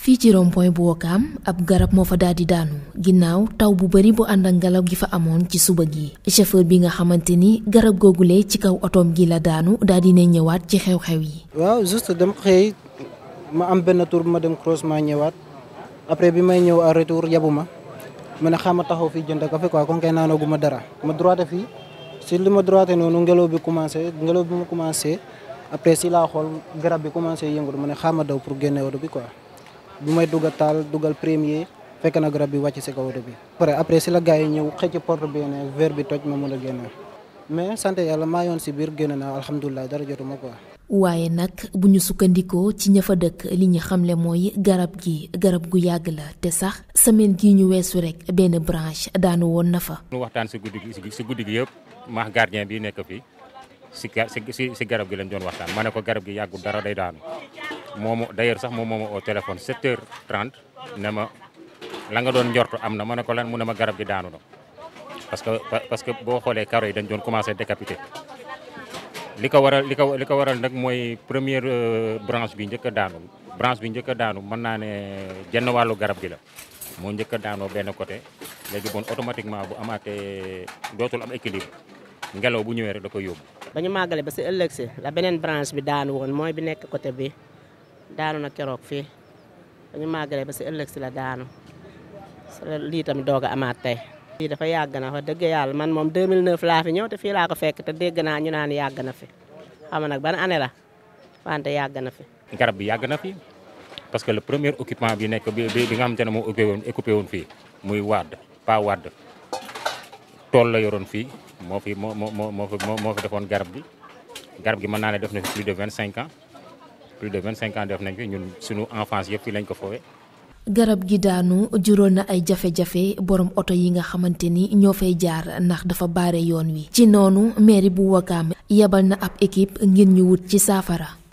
fii ci rond-point bu Wakaam ab garab moo fa daldi di daanu ginnaaw taw bu bari bu ànd ak ngelaw gi fa amoon ci suba gi chauffeur bi nga xamante ni garab googule ci kaw otoom gi la daanu daldi di ne ñëwaat ci xew-xew yi. waaw juste dama xëy ma am benn tour ma dem cross ma ñëwaat après bi may ñëw à retour yabu ma ma ne xaaral ma taxaw fii jënd café quoi kon kay naanoo ma dara ma droite fii. si li ma droité noonu ngelaw bi commencé ngelaw bi mu commencé après si laa xool garab bi commencé yëngatu ma ne xaama pour génne odo bi quoi bu may dugal taal dugal premier fekk na garab bi wàcc si ko oto bi. après après si la gars yi ñëw xëcc porte bi ne verre bi toj ma mun a génne mais sant yàlla maa yoon si biir génne naa alhamdulilah dara jotuma ko waaye nag bu ñu sukkandikoo ci ña fa dëkk li ñu xamle mooy garab gi garab gu yàgg la te sax semaine gii ñu weesu rek benn branche daanu woon na fa. waxtaan si guddi gi si guddi yëpp. maax gardien bi nekk fii si si si garab gi lañ doon waxtaan ma ne ko garab gi yàggul dara day daanu moomu d'ailleurs sax moom mooma au téléphone 7 heures 30 ne ma la nga doon njortu am na ma ne ko lan mu ne ma garab gi daanu na parce que parce que boo xoolee karo yi dañ doon commencé décapité li ko waral li ko li ko waral nag mooy première euh, branche bi njëkk a daanu branche bi njëkk a daanu mën naa ne jenn wàllu garab gi la moo njëkk a daanoo benn côté léegi bon automatiquement bu amaatee dootul am équilibre ngelaw bu ñëwee rek da koy yóbbu. ba ñu màggale ba si ëllëg si la beneen branche bi daanu woon mooy bi nekk côté bi daanu na keroog fii ba màggale ba si ëllëg si la daanu lii tamit doog a amaat tey. lii dafa yàgg na wax dëgg yàlla man moom 2009 laa fi ñëw te fii laa fekk te dégg naa ñu naan yàgg na fi xam nag ban année la wante yàgg na fi. garab bi yàgg na fi. parce que le premier occupant bi nekk bi nga xamante ne moo occupé woon fii muy wadd pas wadd tool la yoroon fii moo fi moo moo moo moo fi defoon garab gi garab gi mën naa ne def na fi plus de vingt cinq ans plus de vingt cinq ans def nañ fi suñu enfance yëpp fii lañ ko foowee. garab gi daanu juróon na ay jafe-jafe borom oto yi nga xamante ni ñoo fay jaar ndax dafa baare yoon wi. ci noonu mairie bu Wakaam yebal na ab équipe ngir ñu wut ci saafara.